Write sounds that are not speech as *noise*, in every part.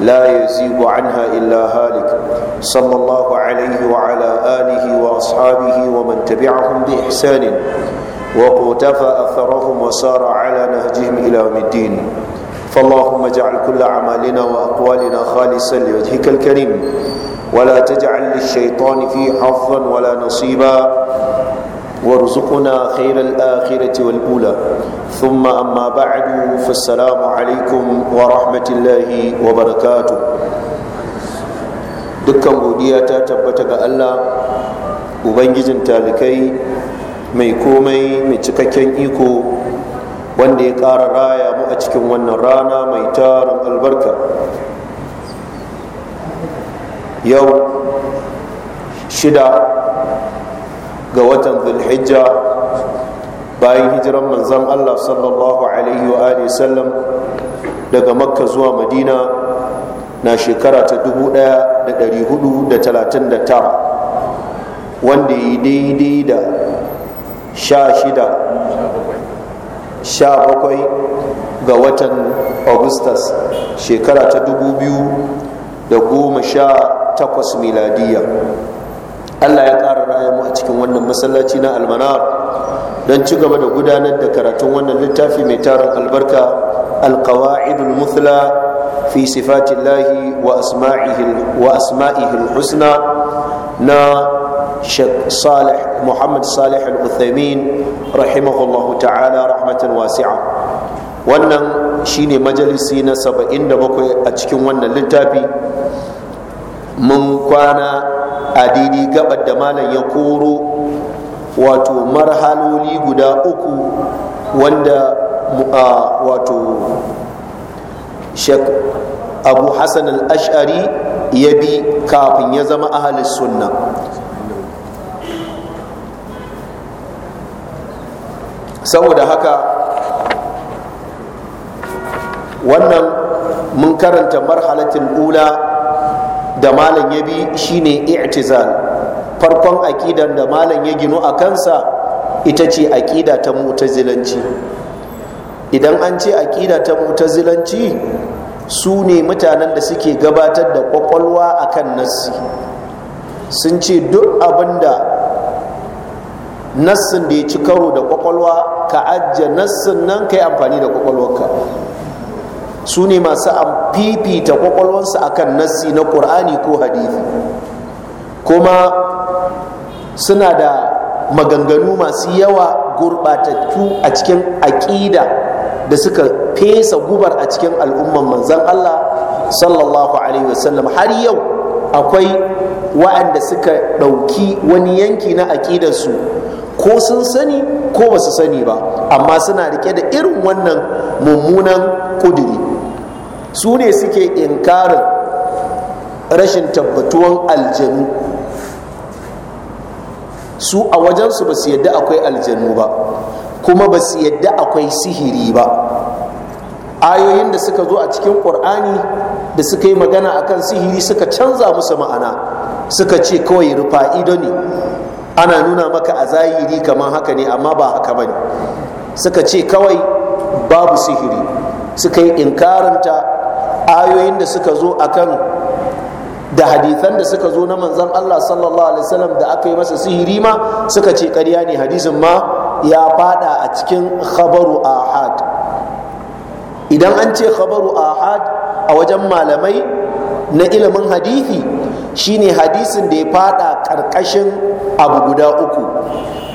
لا يزيب عنها إلا هالك صلى الله عليه وعلى آله وأصحابه ومن تبعهم بإحسان وقتفى أثرهم وسار على نهجهم إلى يوم الدين فاللهم اجعل كل أعمالنا وأقوالنا خالصا لوجهك الكريم ولا تجعل للشيطان فيه حظا ولا نصيبا وارزقنا خير الآخرة والأولى ثم أما بعد فالسلام عليكم ورحمة الله وبركاته dukkan godiya ta tabbata ga Allah ubangijin talikai mai komai mai cikakken iko wanda ya ƙara raya mu a cikin wannan rana mai tarin albarka yau shida ga watan zulhijja bayan hijiran manzan allah sallallahu alaihi wa alihi sallam daga makka zuwa madina na shekara ta 1439 wanda yi daidai da sha shida sha bakwai ga watan augustus shekara ta 2018 miladiyya Allah ya ƙara raya mu a cikin wannan masallaci na almanar don ci gaba da gudanar da karatun wannan littafi mai tarin albarka alkawa'idul muthla fi sifatillahi wa asma'ihi husna na salih muhammad salih al-uthaymin rahimahullahu ta'ala rahmatan wasi'a wannan shine majalisi na 77 a cikin wannan littafi mun kwana a daidai gabar da malam ya koro wato marhaloli guda uku wanda wato shek abu hassan al-ash'ari ya bi kafin ya zama ahalis sunna saboda haka wannan mun karanta marhalatin ula da malam ya bi shi ne i'tizal farkon aƙidar da malam ya ginu a kansa ita ce aƙida ta mutazilanci idan an ce aƙida ta mutazilanci su ne mutanen da suke gabatar da kwakwalwa a kan nassi sun ce duk abin da nassin da ya ci karo da kwakwalwa ka ajiye nassin nan ka yi amfani da kwakwalwarka su ne masu fifita kwakwalwansu akan nassi na ƙur'ani ko hadithi kuma suna da maganganu masu yawa gurɓatattu a cikin aƙida da suka fesa gubar a cikin al'umman manzan Allah sallallahu alaihi wasallam har yau akwai wa'anda suka ɗauki wani yanki na aƙidarsu ko sun sani ko ba su sani ba amma suna rike da irin wannan mummunan ƙuduri su ne suke inkarin rashin tabbatuwan aljanu su a wajensu ba su yadda akwai aljanu ba kuma ba su yadda akwai sihiri ba ayoyin da suka zo a cikin ƙur'ani da suka yi magana a kan sihiri suka canza musu ma'ana suka ce kawai rufa ido ne ana nuna maka a zahiri kamar haka ne amma ba haka ba ne suka ce kawai babu sihiri suka yi inkaranta ayoyin da suka zo a kan da hadithan da suka zo na manzan Allah sallallahu alaihi wasallam da aka yi masa sihiri ma suka ce ƙarya ne hadisin ma ya fada a cikin khabaru ahad idan an ce khabaru ahad a wajen malamai na ilimin hadithi shine hadisin da ya fada karkashin abu guda uku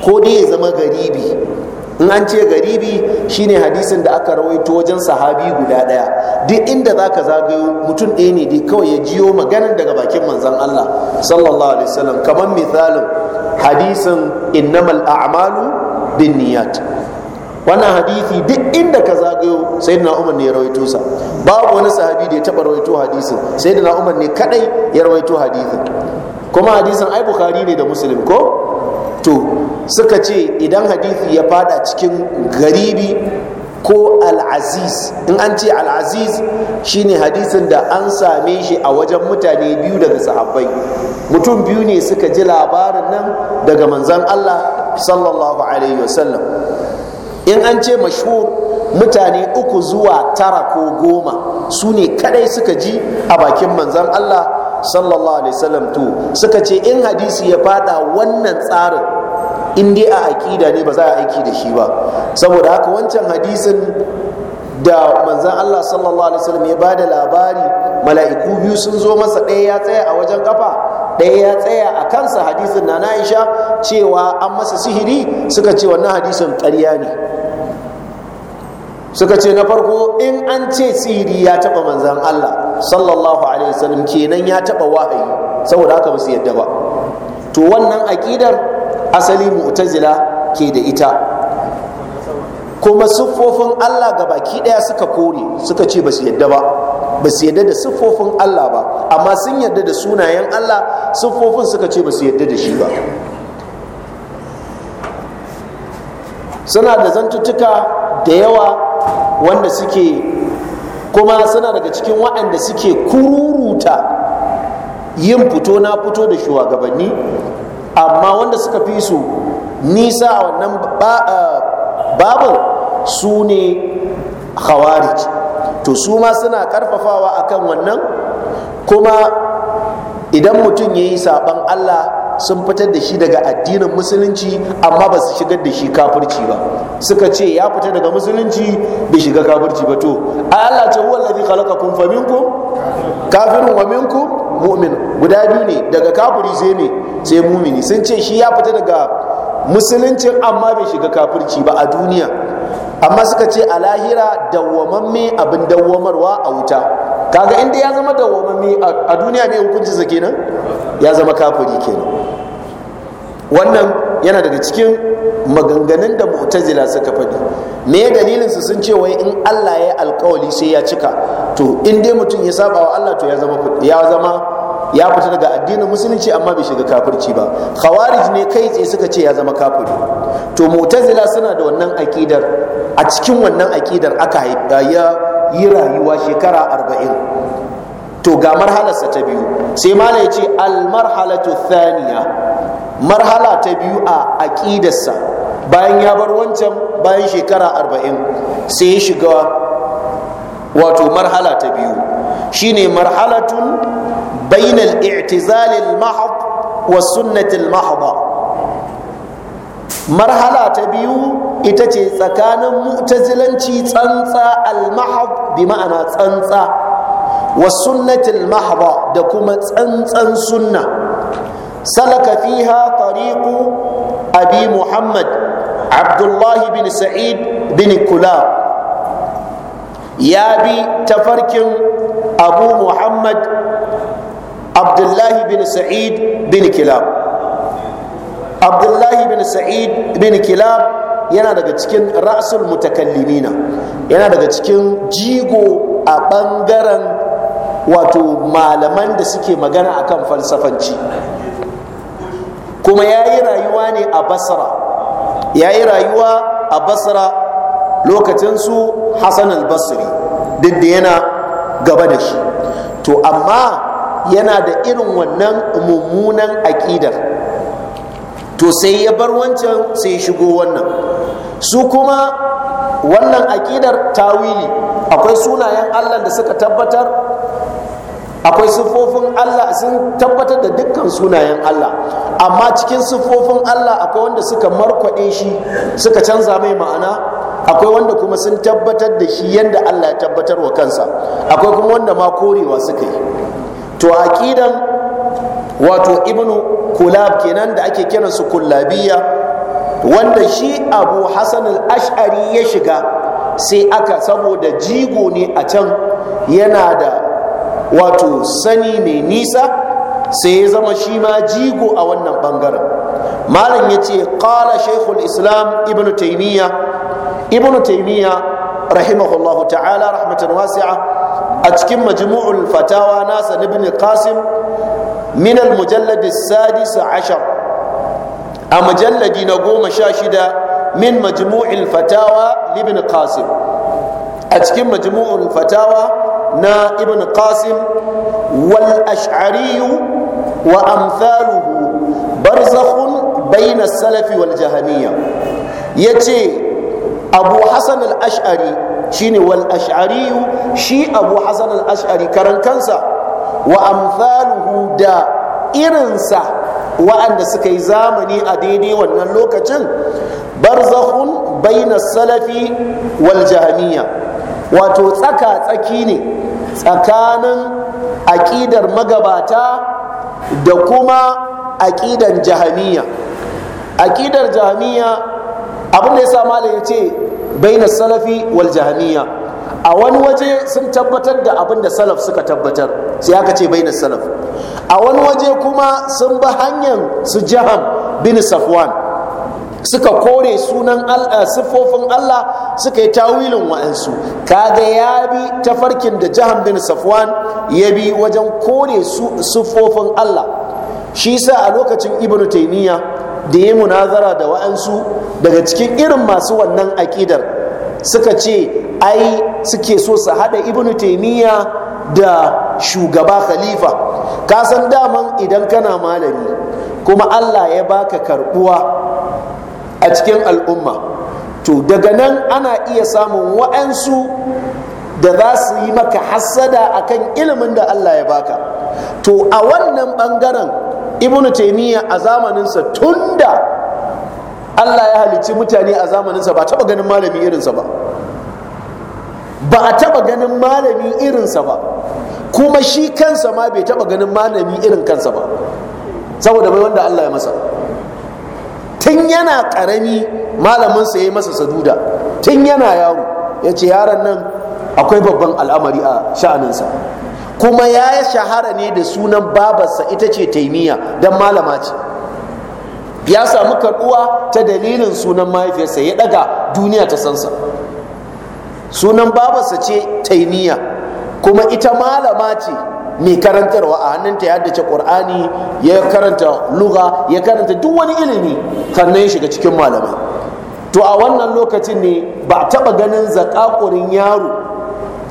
ko dai ya zama garibi in an ce garibi shine hadisin da aka rawaito wajen sahabi guda daya duk inda zaka zagayo mutum ɗaya ne dai kawai ya jiyo maganan daga bakin manzon Allah sallallahu alaihi wasallam kamar misalin hadisin innamal a'malu binniyat wannan hadisi duk inda ka zagayo sayyidina Umar ne ya rawaito sa babu wani sahabi da ya taba rawaito hadisin sayyidina Umar ne kadai ya rawaito hadisin kuma hadisin ai Bukhari ne da Muslim ko to suka ce idan hadithi ya fada cikin garibi ko al'aziz in an ce al'aziz shine hadisin da an same shi a wajen mutane biyu daga sahabbai mutum biyu ne suka ji labarin nan daga manzan Allah sallallahu alaihi wasallam in an ce mashhur mutane uku zuwa tara ko goma su ne kadai suka ji a bakin manzan Allah sallallahu alaihi wasallam to suka ce in hadisi ya fada wannan tsarin in dai a akida ne ba za a aiki da shi ba saboda haka wancan hadisin da manzan Allah sallallahu alaihi wasallam ya bada labari mala'iku biyu sun zo masa ɗaya ya tsaya a wajen kafa ɗaya ya tsaya a kansa hadisin na Aisha cewa an masa sihiri suka ce wannan hadisin ƙarya ne suka ce na farko in an ce tsiri ya taba manzan Allah sallallahu alaihi wasallam kenan ya taba wahayi saboda haka ba su yadda ba to wannan aƙidar asali mu'tazila ke da ita kuma siffofin Allah ga baki ɗaya suka kore suka ce ba yadda ba ba su yadda da siffofin Allah ba amma sun yadda da sunayen Allah siffofin suka ce basu su yadda da shi ba suna da zantuttuka da yawa wanda suke kuma suna daga cikin waɗanda suke kururuta yin fito na fito da shugabanni amma wanda suka fi su nisa a wannan babin su ne khawarij to su ma suna karfafawa akan wannan kuma idan mutum ya yi saɓon allah sun fitar da shi daga addinin musulunci amma ba su shigar da shi kafirci ba suka ce ya fita daga musulunci bai shiga kafirci ba to Allah ce huwa allazi khalaqakum fa minkum kafirun wa minkum mu'min guda biyu ne daga kafiri sai ne sai mumini sun ce shi ya fita daga musuluncin amma bai shiga kafirci ba a duniya amma suka ce a lahira dawwamamme abin dawwamarwa a wuta kaga inda ya zama da wamami a duniya ne su kenan ya zama kafiri kenan wannan yana daga cikin maganganun da mu'tazila suka faɗi me dalilin su sun ce wai in Allah ya alkawali sai ya cika to in dai mutum ya saba wa Allah to ya zama ya zama ya fita daga addinin musulunci amma bai shiga kafirci ba khawarij ne kai tsaye suka ce ya zama kafiri to mu'tazila suna da wannan akidar a cikin wannan akidar aka ya yi rayuwa shekara arba'in to ga marhalarsa ta biyu sai mala ya ce almarhalatu thaniya marhala ta biyu a aƙidarsa bayan ya bar wancan bayan shekara arba'in sai ya shiga wato marhala ta biyu shine marhalatun bainal i'tizalil mahab wa sunnatil mahda marhala ta biyu ita ce tsakanin mu'tazilanci tsantsa almahab, bi ma'ana tsantsa wa sunnatil mahaba da kuma tsantsan sunna salaka fiha tariqu abi muhammad abdullah bin sa'id bin kulab ya bi tafarkin abu muhammad abdullahi bin sa'id bin kilab abdullahi bin sa'id bin kilab yana daga cikin ra'sul mutakallimina yana daga cikin jigo a bangaren wato malaman da suke magana akan falsafanci kuma ya yi rayuwa ne a basra ya yi rayuwa a basra lokacinsu hassan al-basri duk da yana gaba da shi to amma yana da irin wannan mummunan aƙidar to sai ya bar wancan sai ya shigo wannan su kuma wannan aƙidar tawili akwai sunayen allah da suka tabbatar akwai siffofin allah sun tabbatar da dukkan sunayen allah amma cikin siffofin allah akwai wanda suka markwaɗe shi suka canza mai ma'ana akwai wanda kuma sun tabbatar da shi yadda allah ya tabbatar wa kansa akwai kuma wanda ma korewa suka yi to aƙidan wato ibnu kulab kenan da ake su kullabiya wanda shi abu hasan al-ash'ari ya shiga sai aka saboda jigo ne a can yana da wato sani mai nisa sai ya zama shi ma jigo a wannan bangaren malam ya ce kala shaikhul islam ibn taimiyya ibn taimiyya rahimahullahu ta'ala rahmatan wasi'a a cikin majmu'ul fatawa nasa ibn qasim Minal al sadisu as ashar a mujalladi na goma sha shida min majmu'il fatawa Ibin qasim a cikin majmu'ul fatawa na Ibin Kasim walashariyu wa amthaluhu barzakhun bayna as-salafi wal jahamiyya yace abu hasan al-ash'ari shine wal ash'ari shi abu hasan ashari karan kansa wa amsaluhu da irinsa wa'anda suka yi zamani a daidai wannan lokacin barzakhun baina salafi wal jahmiya wato tsaka tsaki ne tsakanin aƙidar magabata da kuma aƙidar jahamiya aƙidar jahmiya abinda ya sa malam ya ce baina salafi wal a wani waje sun tabbatar da abin da salaf suka tabbatar sai aka ce bai salaf a wani waje kuma sun bi hanyar su jaham bin safwan suka kore sunan eh, siffofin Allah suka yi tawilin wa'ansu kaga ya bi tafarkin da jihar bin safwan ya bi wajen kore siffofin Allah shi sa a lokacin ibnu taimiyya da ya munazara da wa'ansu daga cikin irin masu wannan akidar suka ce ai suke so su hada ibnu taimiyya da shugaba khalifa ka san daman idan kana malami kuma allah ya baka karbuwa a cikin al'umma to daga nan ana iya samun wa'ansu da za su yi maka hassada kan ilimin da allah ya baka to a wannan bangaren ibnu taimiyya a zamaninsa tunda allah ya halicci mutane a zamaninsa ba taɓa ganin malami irinsa ba ba a taba ganin malami irinsa ba kuma shi kansa ma bai taba ganin malami irin kansa ba saboda bai wanda Allah ya masa tun yana karami malaminsa ya yi masa saduda tun yana yaro ya ce yaron nan akwai babban al'amari a sha'aninsa kuma ya yi shahara ne da sunan babarsa ita ce taimiyya don malama ce ya samu karɓuwa ta dalilin sunan mahaifiyarsa ya ɗaga duniya ta sansa sunan babarsa ce taimiya kuma ita malama ce mai karantarwa a hannunta ya haddace Kur'ani, ya karanta luga ya karanta duk wani ilimi sannan ya shiga cikin malamai to a wannan lokacin ne ba a taɓa ganin zakakurin yaro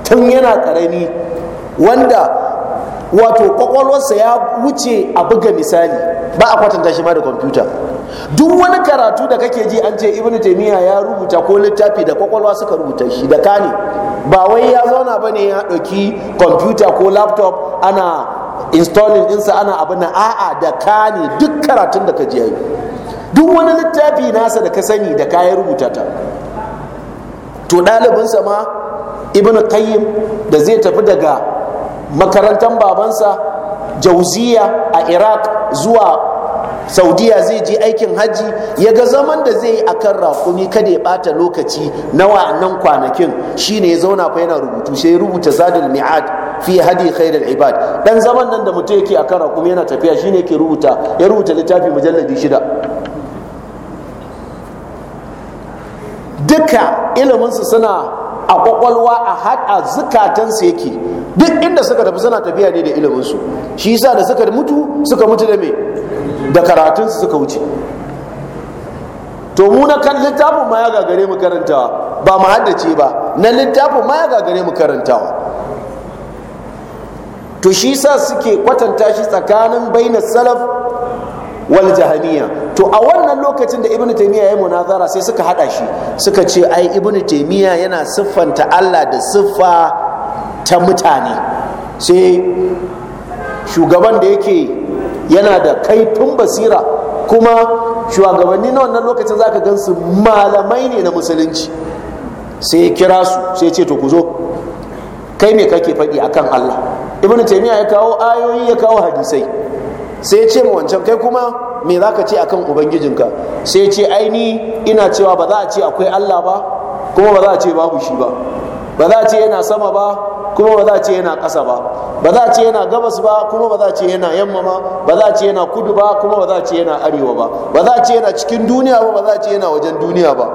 tun yana ƙarami wanda wato ƙwaƙwalwarsa ya wuce a buga misali ba a kwatanta shi ma da kwamfuta duk wani karatu da kake ji an ce ibnu taymiya ya rubuta ko littafi da kwakwalwa suka rubuta shi da kane ba wai ya zauna ba ne ya ɗauki kwamfuta ko laptop ana installing ɗinsa ana abin na a'a da kane duk karatun da ka ji yayi duk wani littafi nasa da ka sani da ka yi rubuta ta to ɗalibinsa ma ibnu Kayyim da zai tafi daga makarantar babansa jauziya a iraq zuwa saudiya zai je aikin hajji ya ga zaman da zai yi a kan raƙumi kada ya bata lokaci na wa'annan kwanakin shine ya zauna fa yana rubutu sai rubuta zadul mi'ad fi hadi khairul ibad dan zaman nan da mutum yake kan raƙumi yana tafiya ne yake rubuta ya rubuta littafi mujalladi shida duka iliminsu suna a kwakwalwa a haɗa zukatansu yake duk inda suka tafi suna tafiya ne da iliminsu shi yasa da suka mutu suka mutu da me da karatunsu suka wuce to mu na kan littafin ma ya gagare mu karantawa ba mu haddace ba na littafin ma ya gagare mu karantawa to shi sa suke kwatanta shi tsakanin baina salaf wal jahamiya to a wannan lokacin da ibnu taymiya ya munazara sai suka hada shi suka ce ai ibnu taymiya yana siffanta Allah da siffa ta mutane sai shugaban da yake yana da kaifin basira kuma shugabanni na wannan lokacin za ka gan su malamai ne na musulunci sai ya kira su sai ce to ku zo kai me kake faɗi akan Allah ibn taymiya ya kawo ayoyi ya kawo hadisai sai ya ce ma wancan kai kuma me za ka ce akan ubangijinka sai ya ce aini ina cewa ba za a ce akwai Allah ba kuma ba za a ce babu shi ba ba za a ce yana sama ba kuma ba za a ce yana ƙasa ba ba za a ce yana gabas ba kuma ba za a ce yana yamma ba ba za ce yana kudu ba kuma ba za a ce yana arewa ba ba za a ce yana cikin duniya ba ba za a ce yana wajen duniya ba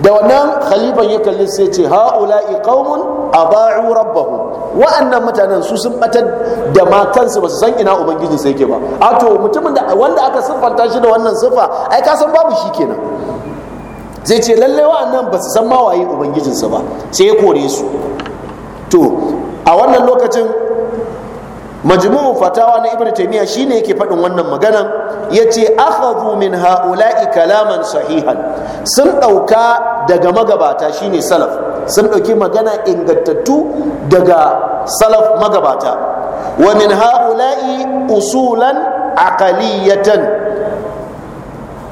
da wannan khalifan ya kalli sai ce ha'ula'i qaumun aba'u rabbahum wa'annan mutanen su sun batar da ma kansu ba su san ina ubangiji sai ke ba a to mutumin da wanda aka siffanta shi da wannan siffa ai ka san babu shi kenan zai ce lallai wa'annan ba su san mawaye ubangijinsa ba sai ya kore su to a wannan lokacin majmu'u fatawa na ibnu taymiya shine yake faɗin wannan maganan yace akhadhu min haula'i kalaman sahihan sun ɗauka daga magabata shine salaf sun ɗauki magana ingantattu daga salaf magabata wa min haula'i usulan aqaliyatan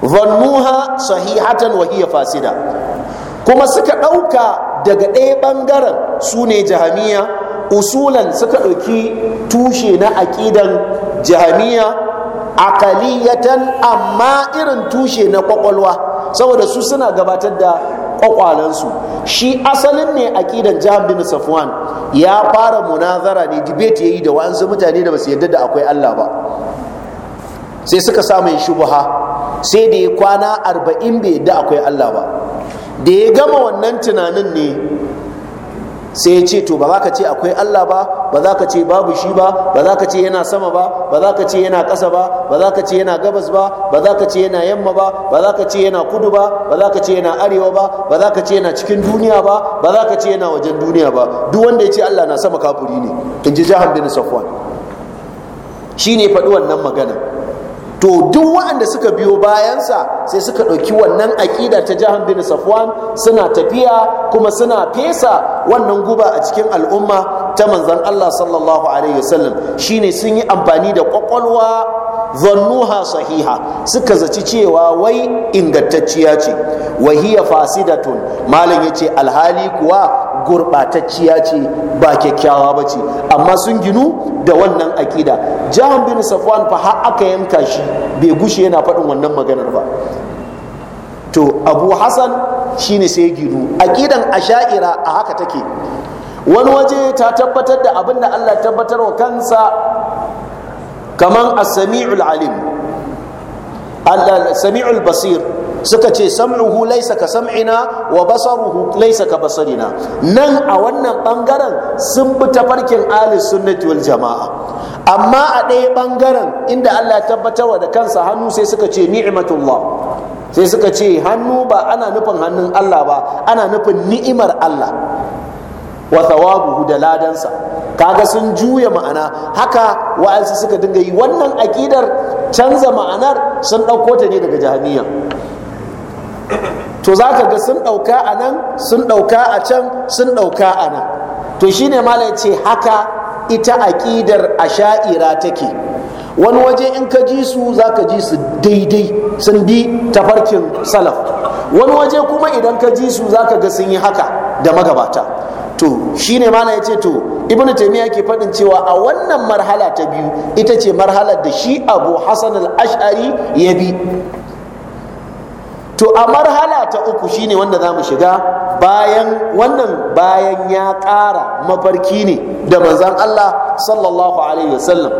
dhannuha sahihatan wa hiya fasida kuma suka ɗauka daga ɗaya ɓangaren su ne jahamiya usulan suka ɗauki tushe na aƙidan jahamiya akaliyatan amma irin tushe na ƙwaƙwalwa saboda su suna gabatar da ƙwaƙwalansu shi asalin ne aƙidan jihar bin safwan ya fara munazara ne dibeti yi da wa'ansu mutane da basu yarda da akwai allah ba sai suka samun shubuha sai da ya kwana arba'in bai yarda akwai allah ba da ya gama wannan tunanin ne sai ya ce to ba za ka ce akwai Allah ba ba za ka ce babu shi ba ba za ka ce yana sama ba ba za ka ce yana ƙasa ba ba za ka ce yana gabas ba ba za ka ce yana yamma ba ba za ka ce yana kudu ba ba za ka ce yana arewa ba ba za ka ce yana cikin duniya ba ba za ka ce yana wajen duniya ba duk wanda ya ce Allah na sama kafuri ne in ji Jahan bin Safwan shine faɗi wannan magana to duk waɗanda suka biyo bayansa sai suka ɗauki wannan aƙida ta jihar bin safwan suna tafiya kuma suna fesa wannan guba a cikin al'umma ta manzon Allah sallallahu alaihi wasallam shine sun yi amfani da kwakwalwa zannuha sahiha suka zaci cewa wai ingantacciya ce wahiya fasidatun malam ce alhali kuwa gurɓatacciya ce ba kyakkyawa ba ce amma sun ginu da wannan akida jahan bin safwan fa har aka yanka shi bai gushe yana faɗin wannan maganar ba to abu hassan shine sai ginu akidan asha'ira a haka take wani waje ta tabbatar da abin da Allah tabbatar wa kansa kaman as-sami'ul alim al basir suka ce sam'uhu laysa ka sam'ina wa basaruhu laysa ka basarina nan a wannan bangaren sun bi tafarkin ahli sunnati wal jama'a amma a ɗaya bangaren inda Allah tabbatarwa da kansa hannu sai suka ce ni'matullah sai suka ce hannu ba ana nufin hannun Allah ba ana nufin ni'imar Allah wa thawabuhu da ladansa kaga sun juya ma'ana haka wa'ansu suka dinga yi wannan akidar canza ma'anar sun ɗauko ta ne daga jahaniya to zaka ga sun ɗauka a nan sun ɗauka a can sun ɗauka a nan to shine mala ce haka ita aƙidar sha'ira take wani waje in ka ji su za ka ji su daidai sun bi tafarkin salaf wani waje kuma idan ka ji su za ka ga sun yi haka da magabata to shine mana yace to ibn taymiya ke faɗin cewa a wannan marhala ta biyu ita ce marhalar da shi abu hasan al-ash'ari ya bi to a marhala ta uku shine wanda za mu shiga bayan wannan bayan ya ƙara mafarki ne da manzan Allah sallallahu alaihi wasallam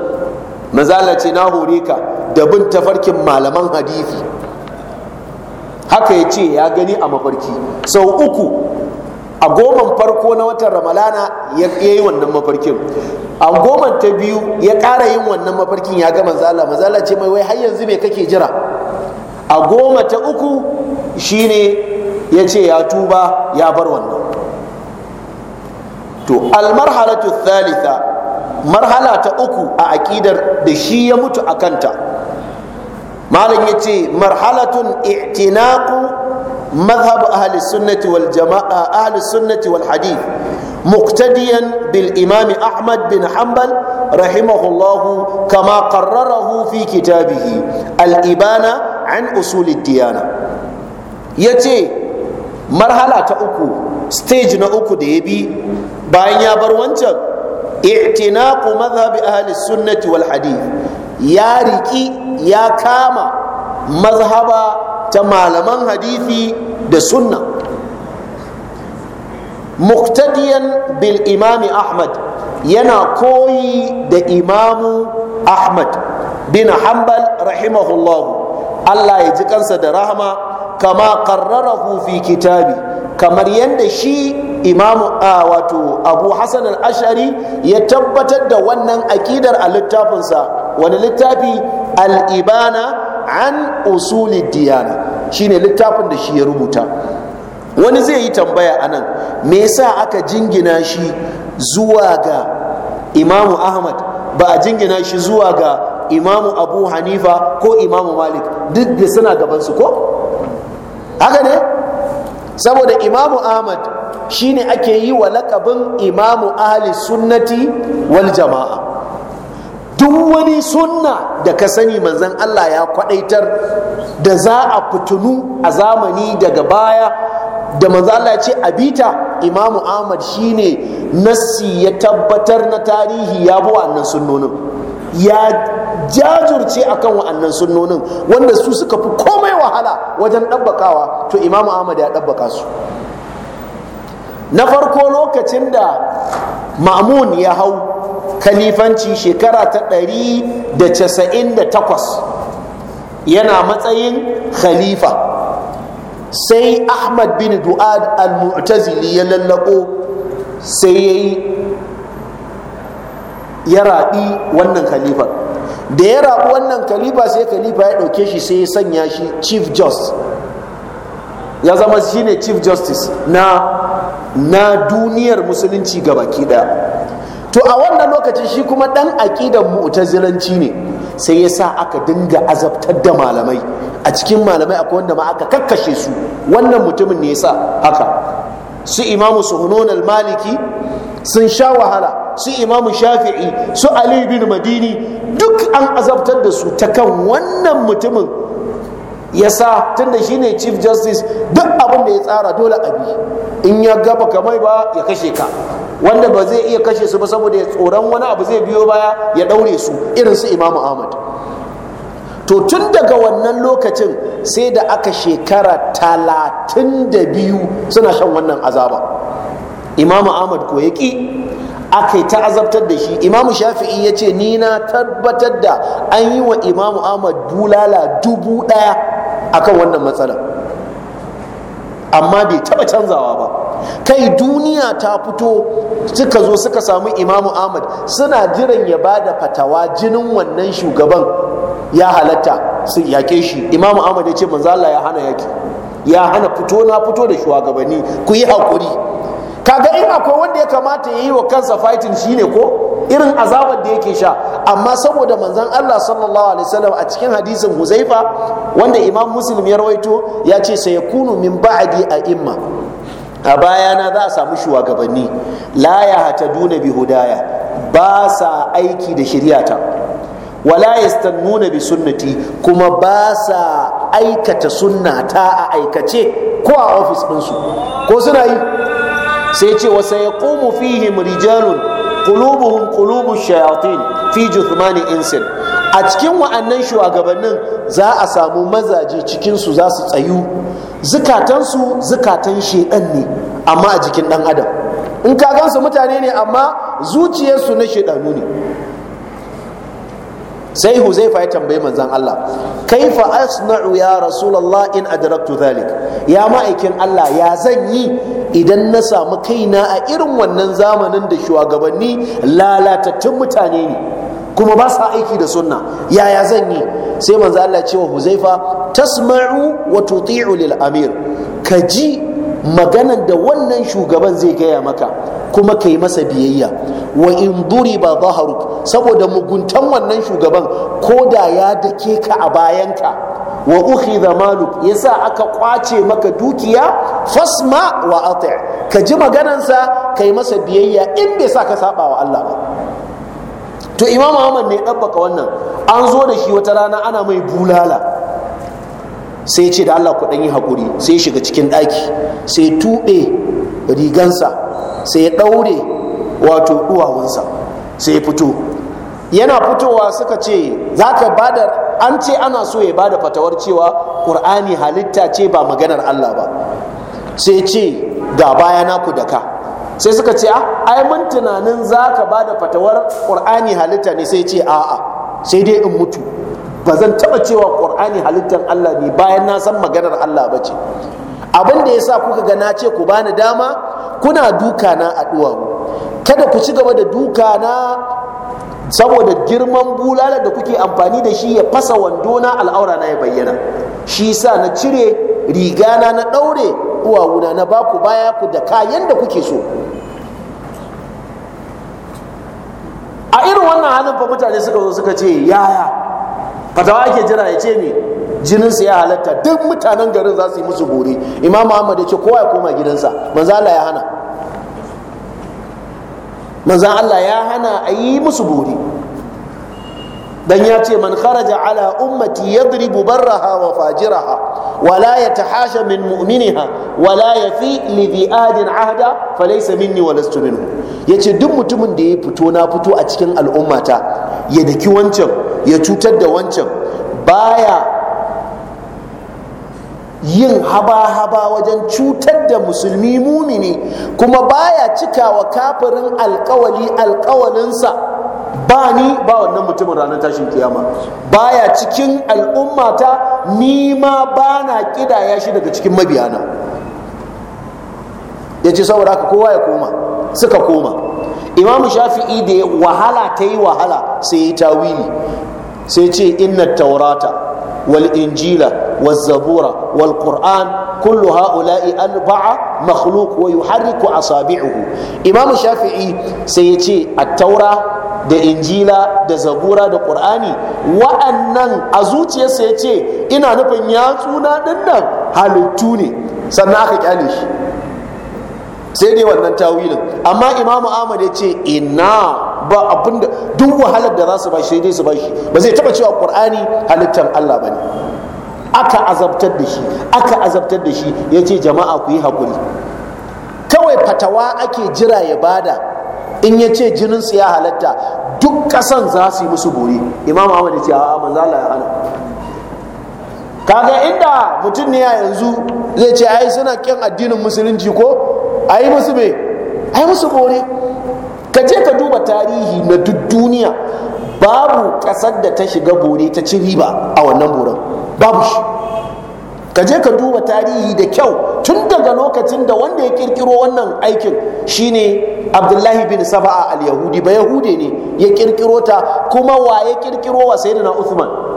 manzala ce na hore ka da bin tafarkin malaman hadithi. haka ya ce ya gani a mafarki sau uku a goman farko na watan ramalana ya yi wannan mafarkin a goman ta biyu ya ƙara yin wannan mafarkin ya ga manzala manzala ce mai wai har yanzu me kake jira a goma ta uku shine ya ce ya tuba ya bar wannan to almarhalatu thalitha marhala ta uku a aƙidar da shi ya mutu a kanta malam ya ce marhalatun i'tinaku مذهب أهل السنة والجماعة أهل السنة والحديث مقتديا بالإمام أحمد بن حنبل رحمه الله كما قرره في كتابه الإبانة عن أصول الديانة يتي مرحلة أكو ستيج أكو ديبي باين يا بروانتك اعتناق مذهب أهل السنة والحديث يا ريكي يا كاما مذهب ta malaman hadithi da sunna muktadiyan bil imami ahmad yana koyi da imamu ahmad bin hanbal rahimahullahu allah ya ji kansa da rahama kama karrarahu fi kitabi kamar yadda shi imamu wato abu hassan al-ashari ya tabbatar da wannan akidar a littafinsa wani littafi al-ibana an usuli diyana shine littafin da shi ya rubuta wani zai yi tambaya a nan me yasa aka jingina shi zuwa ga imamu ahmad ba a jingina shi zuwa ga imamu abu hanifa ko imamu malik duk da suna gabansu ko haka ne saboda imamu ahmad shine ake yi wa lakabin imamu ahli sunnati wal jama'a duk wani sunna da ka sani manzan Allah ya kwadaitar da za a fitunu a zamani daga baya da manzan Allah ya ce abita imamu ahmad shine nassi ya tabbatar na tarihi ya bi wannan sunnonin ya jajirce akan wa'annan sunnonin wanda su suka fi komai wahala wajen ɗabbakawa to imamu ahmad ya ɗabbaka su na farko lokacin da ma'amun ya hau kalifanci shekara ta ɗari da da casa'in 198 yana matsayin khalifa sai ahmad bin du'ad al-mu'tazili ya lallako sai ya yi ya raɗi wannan khalifa da ya raɓi wannan khalifa sai khalifa ya ɗauke shi sai ya sanya shi chief justice ya zama shine chief justice na na duniyar musulunci gabaki ɗaya to a wannan lokacin shi kuma dan aqidan mu'tazilanci ne sai ya sa aka dinga azabtar da malamai a cikin malamai akwai wanda ma aka kakkashe su wannan mutumin ne yasa haka su imamu suhunun maliki sun sha wahala su imamu shafi'i su ali bin madini duk an azabtar da su ta kan wannan mutumin yasa tunda shi ne chief justice duk abin da ya tsara dole abi in ya gaba kamai ba ya kashe ka wanda ba zai iya kashe su ba saboda tsoron wani abu zai biyo baya ya daure su irin su imamu ahmad to tun daga wannan lokacin sai da aka shekara talatin da biyu suna shan wannan azaba imamu ahmad ko ya aka yi ta azabtar da shi imamu shafi'i ya ce ni na tabbatar da an yi wa imamu ahmad bulala dubu ɗaya akan wannan matsalar amma bai taɓa canzawa ba kai duniya ta fito suka zo suka samu imamu ahmad suna jiran ya ba da fatawa jinin wannan shugaban ya halatta su yake shi imamu ahmad ya ce manzala ya hana yaƙi ya hana fito na fito da shugabanni ku yi haƙuri kaga in akwai wanda ya kamata ya yi wa kansa fighting ne ko irin azabar da yake sha amma saboda manzon Allah sallallahu alaihi wasallam a cikin hadisin Huzaifa wanda Imam Muslim ya rawaito ya ce sayakunu min a imma." a bayana za a samu shugabanni la hata duna bi hudaya ba sa aiki da shiryata wala ya nuna bi sunnati kuma ba sa aikata ta a aikace ko a ofis ɗinsu ko suna yi sai ce wasa ya fihim rijalun qulubuhum qulubu shayatin fi juthmani insin a cikin wa'annan shugabannin za a samu mazaje cikin su za su tsayu zukatansu zukatan shedan ne amma a jikin dan adam in ka gansu mutane ne amma zuciyarsu na shedanu ne sai huzaifa ya tambayi manzan Allah kaifa asna'u ya rasulullah in adraktu dhalik ya ma'aikin Allah ya zan yi idan na samu kaina a irin wannan zamanin da shugabanni lalatattun mutane ne kuma ba sa aiki da sunna yaya zan yi sai manzo Allah cewa huzaifa tasma'u wa tuti'u lil amir ka ji maganan da wannan shugaban zai gaya maka kuma ka yi masa biyayya wa in baba zaharuk saboda muguntan wannan shugaban ko da ya dake ka a bayanka wa da maluk sa aka kwace maka dukiya fasma wa ati' ka ji maganansa ka yi masa biyayya in bai sa ka saba wa Allah ba to imam Ahmad ne dabbaka wannan an zo da shi wata rana ana mai bulala sai ce da Allah ku ɗan yi hakuri sai shiga cikin ɗaki sai tuɓe rigansa sai ya ɗaure wato duwawunsa sai ya fito yana fitowa suka ce za ka bada an ce ana so ya bada fatawar cewa ƙur'ani halitta ce ba maganar allah ba sai ce ga baya na ku da sai suka ce a ah, mun tunanin za ka bada fatawar ƙur'ani halitta ne sai ce a'a sai dai in mutu ba zan taɓa cewa ƙur'ani halittar allah ne bayan na san maganar allah ba ce abin da ya sa kuka ga na ce ku bani dama kuna duka na a duwawu kada ku ci gaba da duka na saboda girman bulala da kuke amfani da shi ya fasa wando na al'aura na ya bayyana shi sa na cire rigana na ɗaure uwawuna na baku baya ku da kayan da kuke so a irin wannan halin fa mutane suka zo suka ce yaya fatawa ake jira ya ce me jininsa ya halatta duk mutanen garin za su yi musu gore imam ahmad ya ce kowa ya koma gidansa manzo Allah ya hana manzo Allah ya hana a yi musu gore dan ya ce man kharaja ala ummati yadribu barraha wa fajiraha wa la yatahasha min mu'miniha wa la yafi li bi'adin ahda falaysa minni wa lastu minhu yace duk mutumin da ya fito na fito a cikin al'ummata ya daki wancan ya cutar da wancan baya yin haba-haba wajen cutar da musulmi mumini kuma baya cika wa kafirin alkawali alkawalinsa ba ni ba wannan mutumin ranar tashin kiyama baya cikin al'ummata ni ma ba na kidaya shi daga cikin mabiyana ya ce saboda haka kowa ya koma suka koma imamu shafi'i da wahala ta yi wahala sai ya tawili sai ce inna taurata والإنجيل والزبور والقرآن كل هؤلاء أربعة مخلوق ويحرك أصابعه إمام الشافعي سيتي التوراة da injila da zabura da ƙur'ani wa'annan a zuciyarsa ya ce ina nufin yatsuna ɗin nan halittu ne sannan aka kyale shi sai dai wannan tawilin amma imamu ahmad ya ce ina ba abinda duk wahalar da za su bashi sai dai su bashi ba zai taba cewa qur'ani halittar Allah ba ne. aka azabtar da shi aka azabtar da shi ya ce jama'a ku yi hakuri kawai fatawa ake jira ya bada in ya ce jinin su ya halatta duk ƙasan za su yi musu bori imamu ahmad ya ce a'a manzo ya kaga inda mutum ne a yanzu zai ce ai suna kyan addinin musulunci ko ai musu me ai musu bore ka je ka duba tarihi na duk duniya babu kasar da ta shiga bore ta ci riba a wannan boren babu shi ka je ka duba tarihi da kyau tun daga lokacin da wanda ya kirkiro wannan aikin shine abdullahi bin saba'a al-yahudi ba Yahudi ne ya kirkiro ta kuma wa ya kirkiro wa sayyidina Usman?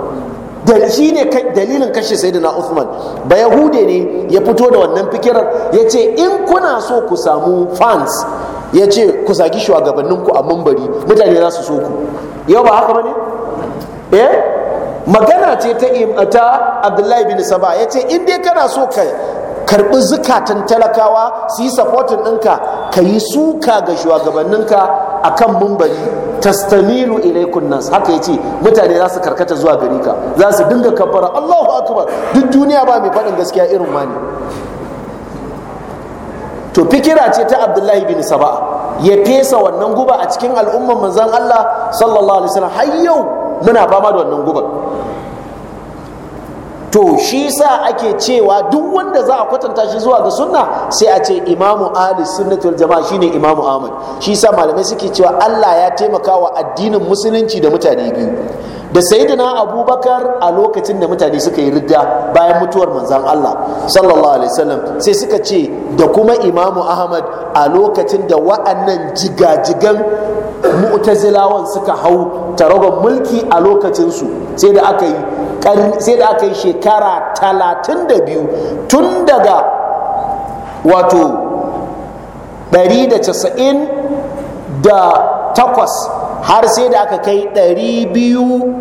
da shi ne dalilin kashe na Uthman ba yahude ne ya fito da wannan fikirar ya ce in kuna so ku samu fans ya ce ku saki shugabanninku a mambari mutane za su so ku yau ba haka bane eh magana ce ta ta Abdullahi bin Saba ya ce in dai kana so ka karbi zukatan talakawa su yi supporting ɗinka ka yi suka ga shugabanninka akan mumbari tastamilu ilaikun nas haka ce mutane za su karkata zuwa gari ka za su dinga kabbara Allahu akbar duk duniya ba mai faɗin gaskiya irin wani to fikira ce ta Abdullahi bin Saba'a ya fesa wannan guba a cikin al'umman manzon Allah sallallahu alaihi wasallam har yau muna fama da wannan guba to shi sa ake cewa duk wanda za a kwatanta shi zuwa ga sunna sai a ce imamu ahli sunnati jama'a shine imamu ahmad shi sa malamai suke cewa Allah ya taimaka wa addinin musulunci da mutane biyu da sayyidina abubakar a lokacin da mutane suka yi ridda bayan mutuwar manzan Allah sallallahu alaihi wasallam sai suka ce da kuma imamu ahmad a lokacin da wa'annan jigajigan mu'tazilawan suka hau taragon mulki a lokacinsu sai da aka yi sai da aka yi shekara talatin da biyu tun daga wato 198 har sai da aka kai ɗari biyu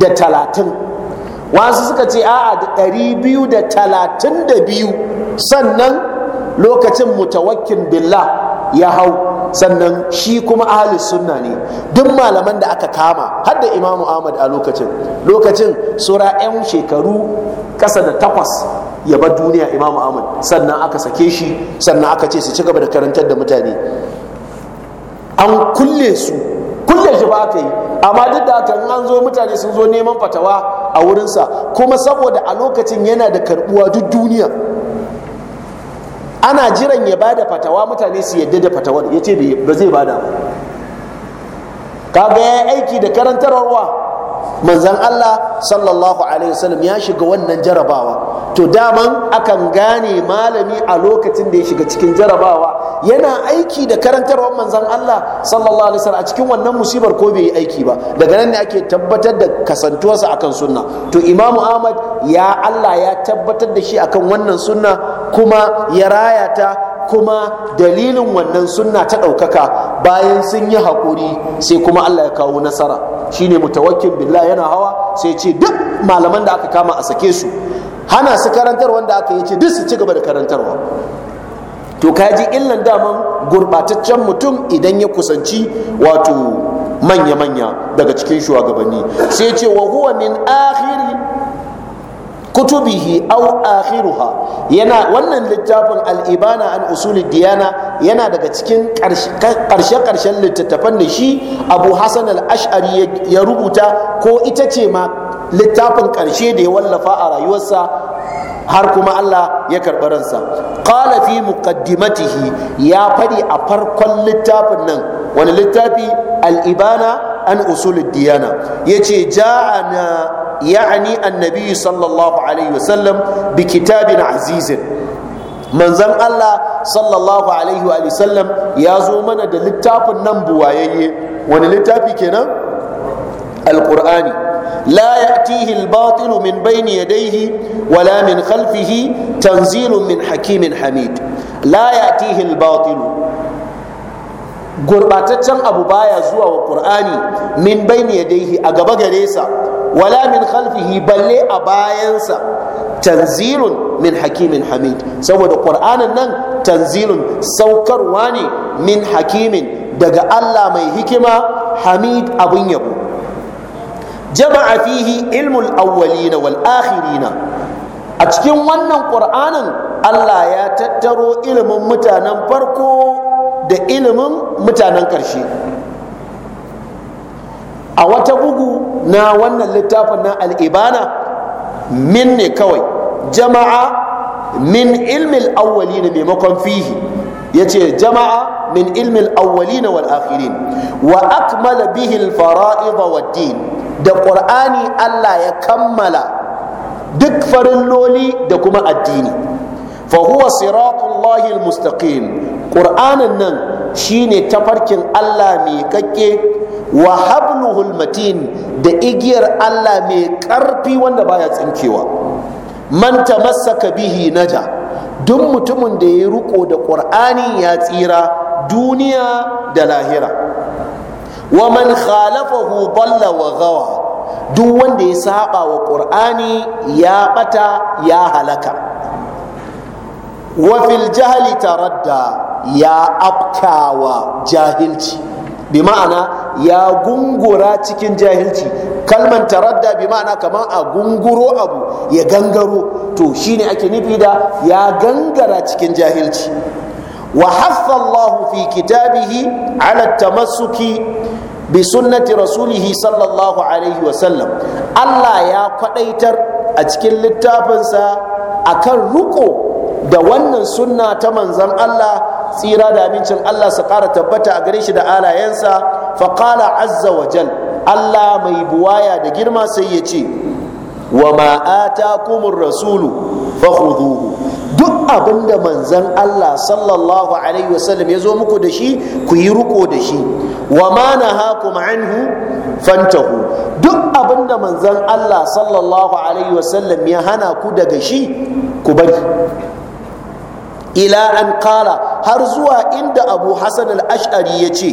da talatin wasu suka ce a'a da ɗari biyu da talatin da biyu sannan lokacin mutawakkin billah ya hau sannan shi kuma ahalis sunna ne duk malaman da aka kama har da imamu ahmad a lokacin lokacin sura 'yan shekaru ƙasa da takwas ya bar duniya imamu ahmad sannan aka sake shi sannan aka ce su ci gaba da karantar da mutane an kulle su kulle shi ba ka yi amma duk da haka an zo mutane sun zo neman fatawa a wurinsa kuma saboda a lokacin yana da karbuwa duk duniya ana jiran ya bada fatawa mutane su yadda da fatawar ya ce ba zai bada ba kaga ya aiki da karantarwa manzan Allah sallallahu alaihi wasallam ya shiga wannan jarabawa to daman akan gane malami a lokacin da ya shiga cikin jarabawa yana aiki da karantarwar manzan Allah sallallahu alaihi wasallam a cikin wannan musibar ko bai yi aiki ba daga nan ne ake tabbatar da kasantuwarsa akan sunna to Imam Ahmad ya Allah ya tabbatar da shi akan wannan sunna kuma ya raya ta kuma dalilin wannan sunna ta ɗaukaka bayan sun yi haƙuri sai kuma Allah ya kawo nasara shine mutawakkil billah yana hawa sai ce duk malaman da aka kama a sake su hana su karantar wanda aka yi ce duk su ci gaba da karantarwa to kaji illan daman gurbataccen mutum idan ya kusanci wato manya-manya daga cikin shugabanni sai ce wa huwa min akhiri kutubihi aw akhiruha yana wannan littafin alibana an usuli diyana yana daga cikin karshe karshen littattafan da shi Abu Hassan al-Ash'ari ya rubuta ko ita ce ma littafin karshe da ya wallafa a rayuwarsa har kuma Allah ya karɓi ransa qala fi muqaddimatihi ya faɗi a farkon littafin nan wani littafi al-ibana an usulud diyana yace ja'ana ya'ani annabi sallallahu alaihi wasallam bi kitabin azizin manzon Allah sallallahu alaihi wa sallam ya zo mana da littafin nan buwayayye wani littafi kenan alqur'ani لا يأتيه الباطل من بين يديه ولا من خلفه تنزيل من حكيم حميد لا يأتيه الباطل gurbataccen abu baya zuwa wa ƙur'ani min bayni yadayhi a gaba gare sa wala min khalfihi balle a bayansa tanzilun min hakimin hamid saboda ƙur'anin nan tanzilun saukarwa ne min hakimin daga Allah mai hikima hamid abun yabo jama'a fihi ilmul awwalina wal akhirina a cikin wannan qur'anin Allah ya tattaro ilimin mutanen farko da ilimin mutanen ƙarshe a wata bugu na wannan littafin na al'ibana min ne kawai jama'a min ilmil awwali na maimakon fihi ya ce jama'a من علم الأولين والآخرين وأكمل به الفرائض والدين ده قرآني ألا يكمل دك فرلولي ده كما الديني فهو صراط الله المستقيم قرآن النن شيني تفركن ألا ميكك وحبله المتين ده إجير ألا ميكربي وانا بايا تنكيوا من تمسك به نجا duk mutumin da ya riko da ƙur'ani ya tsira duniya da lahira wa man khalafahu balla wa gawa duk wanda ya saba wa ƙur'ani ya bata ya halaka wa fil jahli taradda ya afkawa jahilci bi ma'ana ya gungura cikin jahilci kalman taradda bi ma'ana kamar a gunguro abu ya gangaro to shine ake nufi da ya gangara cikin jahilci wa haffa Allah fi kitabihi ala tamassuki bi sunnati rasulihi sallallahu alaihi wa sallam Allah ya kwadaitar a cikin littafinsa akan ruko da wannan sunna ta manzon Allah tsira da amincin Allah su ƙara tabbata a gare shi da alayensa faƙala azzawajal, allah mai buwaya da girma sai ya ce wa ma'ata kumin rasulu fahuduhu duk abinda manzan allah sallallahu alaihi wasallam ya zo muku da shi ku yi riko da shi wa ma nahakum anhu fantahu duk abinda manzan allah sallallahu alaihi wasallam ya hana ku daga shi ku bari ila an kala har zuwa inda abu hassan al-ash'ari ya ce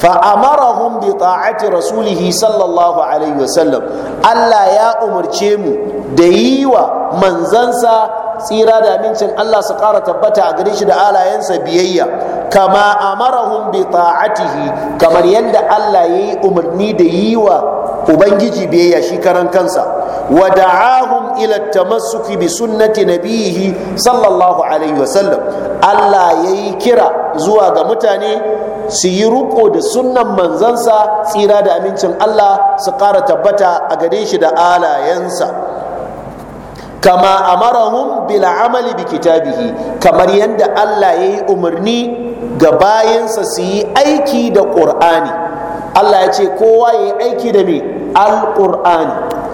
fa'amarahum bi ta'ati rasulihi sallallahu alaihi wasallam Allah ya umarce mu da yi wa manzansa tsira da amincin Allah su ƙara tabbata a gare shi da alayensa biyayya kama amarahum bi ta'atihi kamar yadda Allah ya yi umarni da yi wa ubangiji biyayya shi karan kansa wada'ahum ila tamassuki bi sunnati nabiyhi sallallahu alaihi wa sallam Allah yayi kira zuwa ga mutane su yi ruko da sunnan manzansa tsira da amincin Allah su ƙara tabbata a gare shi da alayansa kama amarahum bil amali bi kamar yadda Allah yayi umarni ga bayansa su yi aiki da qur'ani Allah ya ce kowa ya yi aiki da me al-Qur'ani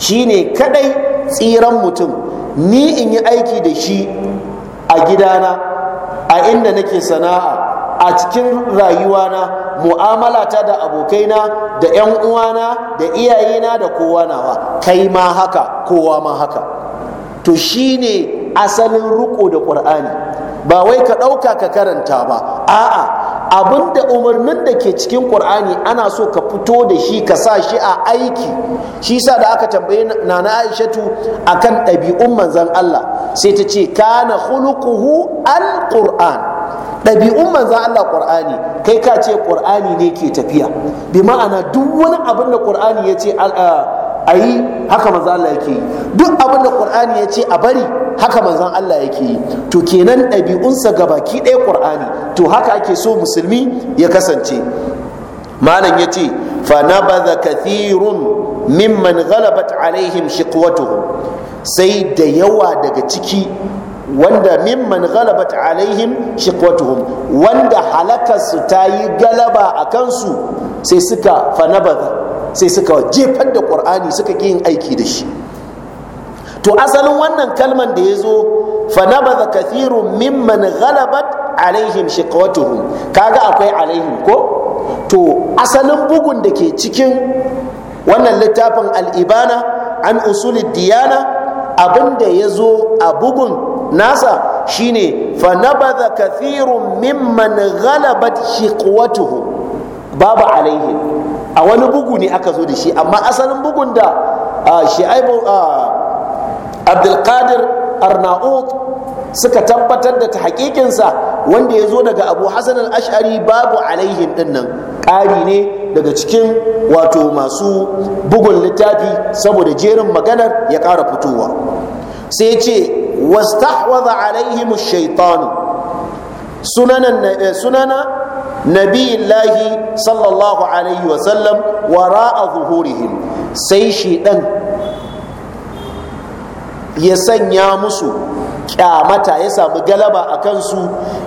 shine kadai tsiran mutum ni in yi aiki da shi a gidana a inda nake sana'a a cikin rayuwana mu'amalata da abokaina da 'yan uwana da iyayena da kowa nawa kai ma haka kowa ma haka to shi ne asalin ruko da ƙur'ani ba wai ka ɗauka ka karanta ba a'a abinda umarnin da ke cikin qur'ani ana so ka fito da shi ka sa shi a aiki shi sa da aka tambaye nana aishatu akan ɗabi'un manzan Allah sai ta ce kana al alquran ɗabi'un manzan Allah qur'ani kai ka ce qur'ani ne ke tafiya bi ma'ana duk wani abin da qur'ani ya ce Ayi yi haka manzon Allah yake yi duk abin da qur'ani ya ce a bari haka manzon Allah yake yi to kenan ɗabi'unsa ga baki ɗaya ƙur'ani to haka ake so musulmi ya kasance malam ya ce fa za kathirun mimman ghalabat alaihim shiqwatuhum sai da yawa daga ciki wanda mimman ghalabat alaihim shiqwatuhum wanda halakarsu ta yi galaba a kansu sai suka fa na ba sai suka jefar da ƙur'ani suka ƙi yin aiki da shi to asalin wannan kalman da ya zo da kathirun mimman galabat alaihim shiqwatuhum kaga akwai alaihim ko to asalin bugun da ke cikin wannan littafin al'ibana an usuli diyana abinda ya zo a bugun nasa shine da Kafiru, mimman Galabat, shiqwatuhum babu alaihim a wani bugu ne aka zo da shi amma asalin bugun da shi'aibu abdulkadir arnaut suka tabbatar da ta hakikinsa wanda ya zo daga abu hassan al-ash'ari babu alaihim dinnan ƙari ne daga cikin wato masu bugun littafi saboda jerin maganar ya ƙara fitowa sai ce wastahwadha alaihim shaitanu eh, sunana نبي sallallahu صلى wa sallam وسلم وراء ظهورهم sai shedan ya sanya musu kyamata ya samu galaba a kansu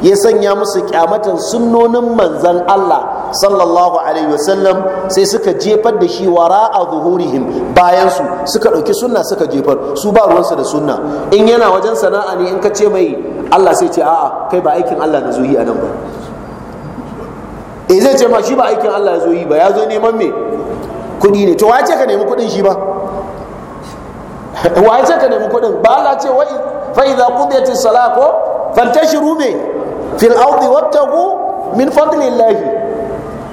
ya sanya musu kyamatan sunnonin manzan Allah sallallahu alaihi sallam sai suka jefar da shi wara a zuhurihim bayansu suka ɗauki sunna suka jefar su ba ruwansa da sunna in yana wajen sana'a ne in ka ce mai Allah sai ce a'a kai ba aikin Allah na zuhi a nan ba E zai ce ma shi ba aikin Allah ya zo yi ba ya zo neman me kuɗi ne to wa ce ka nemi kuɗin shi ba *laughs* wa ce ka nemi kuɗin ba Allah ce wa fa idza qudiyatis salat ko fantashiru me fil ardi wabtagu min fadlillahi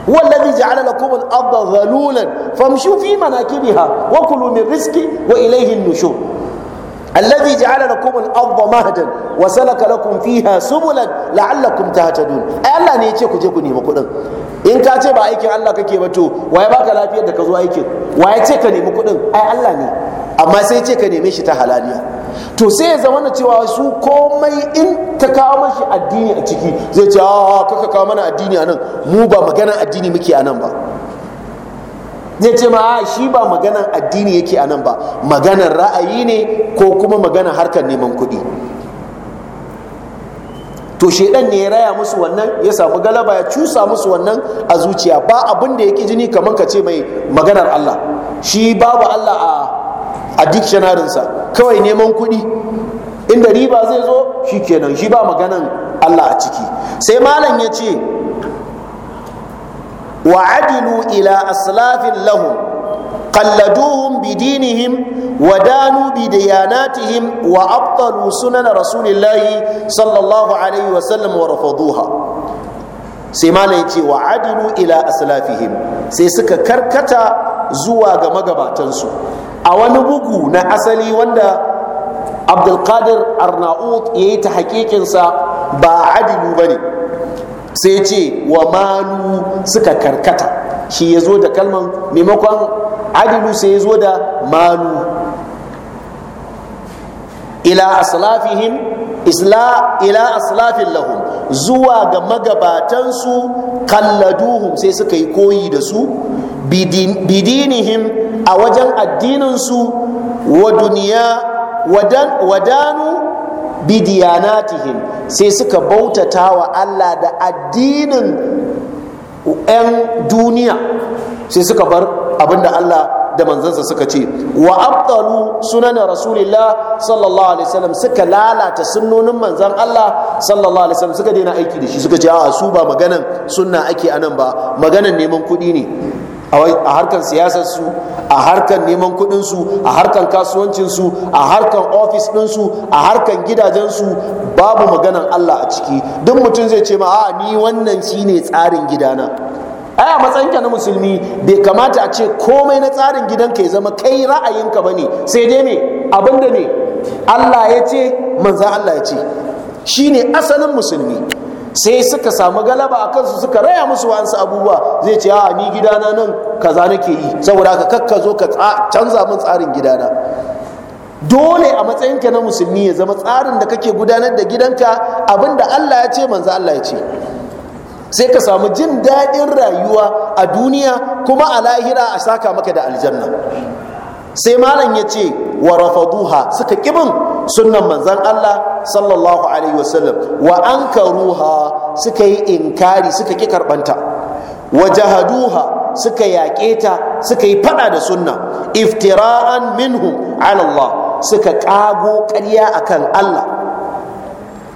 هو الذي جعل لكم الأرض ذلولا Wa في مناكبها وكلوا Wa رزقه وإليه النشور الذي جعل لكم الأرض مهدا وسلك لكم فيها سبلا لعلكم تهتدون الله ne yace ku je ku nemi kuɗin in ka ce ba aikin Allah kake ba to waye baka lafiyar da ka zo aikin waye ce ka nemi kuɗin ai Allah ne amma sai ce ka neme shi ta halaliya to sai ya zama na cewa su komai in ta kawo mashi addini a ciki zai ce a kaka kawo mana addini a nan mu ba magana addini muke a nan ba zai ce ma shi ba maganan addini yake a nan ba maganar ra'ayi ne ko kuma magana harkar neman kuɗi to shaidan ne ya raya musu wannan ya samu galaba ya cusa musu wannan a zuciya ba abin da ya ƙi jini kamar ka ce mai maganar Allah shi babu Allah a a dictionarinsa kawai neman kuɗi inda riba zai zo shi kenan shi ba maganan Allah a ciki sai malam ya ce wa adilu ila aslafin lahum قلدوهم بدينهم ودانوا بدياناتهم وأبطلوا سنن رسول الله صلى الله عليه وسلم ورفضوها sai malam ce wa adilu ila aslafihim sai suka karkata zuwa ga magabatansu a wani bugu na asali wanda abdulkadir Arnaud ya yi ta hakikinsa ba adilu ba ne sai ce wa manu suka karkata shi ya zo da kalman maimakon adilu sai ya zo da malu ila aslafihim isla ila aslafin lahum zuwa ga magabatansu kalladuhum sai suka yi koyi da su bidinihim a wajen addininsu wa duniya wadanu bidiyanatihim sai suka bautata wa Allah da addinin 'yan duniya sai suka bar abinda Allah da manzansa suka ce wa abdalu sunanin rasulillah sallallahu alaihi wasallam suka lalata sunnonin manzan Allah sallallahu alaihi wasallam suka daina aiki da shi suka ce a su ba maganan sunna ake anan ba maganan neman kuɗi ne a harkar siyasarsu a harkar neman kudinsu a harkar kasuwancinsu a harkar ofis ɗinsu a harkar gidajensu babu maganan Allah a ciki duk mutum zai ce ma a ni wannan shine tsarin gidana ai a matsayinka na musulmi bai kamata a ce komai na tsarin gidanka ya zama kai ra'ayinka ba ne. sai dai me abinda ne Allah ya ce manzan Allah ya ce shine asalin musulmi sai suka samu galaba a kansu suka raya musu wa'ansu abubuwa zai ce a ni gidana nan kaza nake yi saboda haka kakka zo ka canza min tsarin gidana dole a matsayinka na musulmi ya zama tsarin da kake gudanar da gidanka abinda Allah ya ce manzo Allah ya ce sai ka samu jin daɗin rayuwa a duniya kuma a lahira a saka maka da aljanna sai malam ya ce wa rafaduha suka kibin sunnan manzan Allah sallallahu alaihi wasallam wa ruha suka yi inkari suka ki karbanta wa jahaduha suka yaƙe ta suka yi fada da sunna iftira'an minhum ala Allah suka ƙago ƙarya akan Allah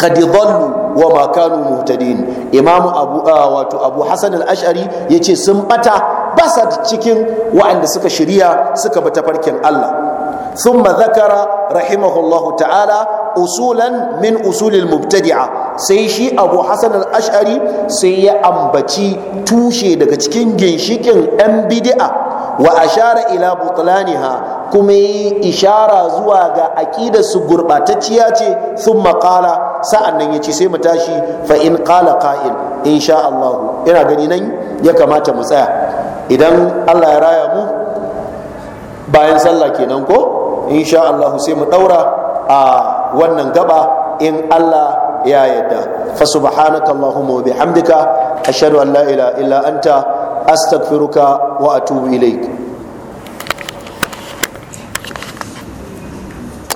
qad dhallu wa ma kanu muhtadin imamu abu wato abu hasan al-ash'ari yace sun bata basa cikin waɗanda suka shirya suka bi tafarkin Allah ثم ذكر رحمه الله تعالى usulan min usulil mubtadi'a sai shi abu hasan al-ash'ari sai ya ambaci tushe daga cikin ginshikin yan bid'a wa ashara ila butlaniha kuma yi ishara zuwa ga aƙidar su gurɓatacciya ce sun maƙala sa'an nan ya ce sai mu tashi fa in ƙala ƙa'il Allah ina gani nan ya kamata mu tsaya idan Allah ya raya mu bayan sallah kenan ko sha Allah sai mu ɗaura a wannan gaba in Allah ya yadda fa subhanaka allahumma wa bihamdika ashhadu an la ilaha illa anta astaghfiruka wa atubu ilaik